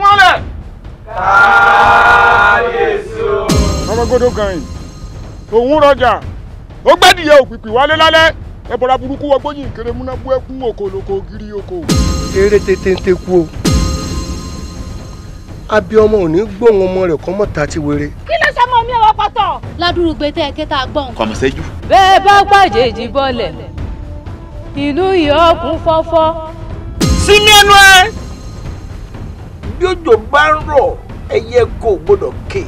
Mọ́lẹ̀. Kábíyèsí o. Ọmọgodo gan-an òun rọjà ó gbẹ́dìyẹ òpìpì wálé lálẹ́ ẹ̀bọ̀ra burúkú wọgbóyìn kéré múnábú ẹkún òkòlòkò gírí oko. eré tètè kú o abiyamọ ò ní gbóhùn ọmọ rẹ̀ kọ́ mọ̀ tá ti wéré. kí ló ṣe mọ mi ọwọ́ pọ̀tọ̀. ládùrúgbé tẹ́ ẹ ké tá a gbọ́n. kọ̀mọ̀ sẹ́jú. bẹ́ẹ̀ bá gbàjèjì bọ́lẹ̀ ìlú yìí ọkùn fọ́fọ́. sí ní ẹnu ẹ bí òjò bá ń rọ̀ ẹyẹ kò gbọ́dọ̀ ké.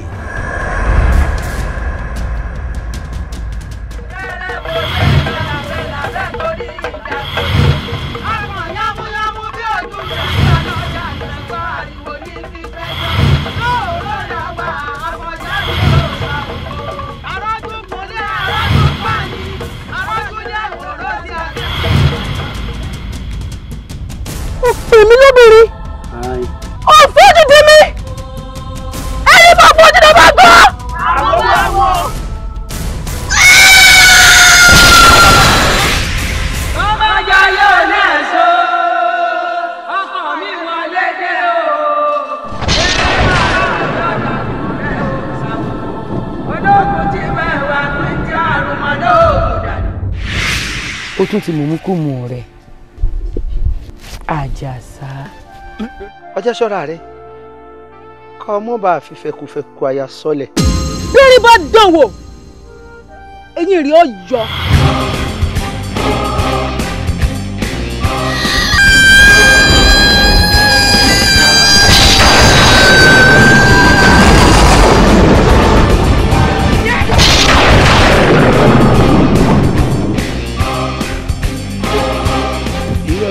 ó tún ti mùmú kú mu rẹ̀ àjàsá. ọjọ́ ṣọ́ra rẹ̀ kọ́ ọmọ bá a fi fẹkufẹku aya sọlẹ̀. bí rí bá dán wò rí ọ yọ.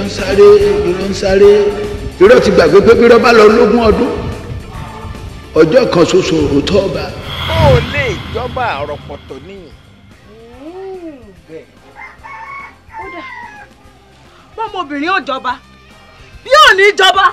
ń sáré ìgboro ń sáré irọ́ ti gbàgbé pé bí irọ́ bá lọ lógún ọdún ọjọ́ kan ṣoṣo òótọ́ ọba. ó lè jọba àrọ̀pọ̀tọ̀ nìyẹn. kódà bọ́mọbìnrin ò jọba bí ò ní jọba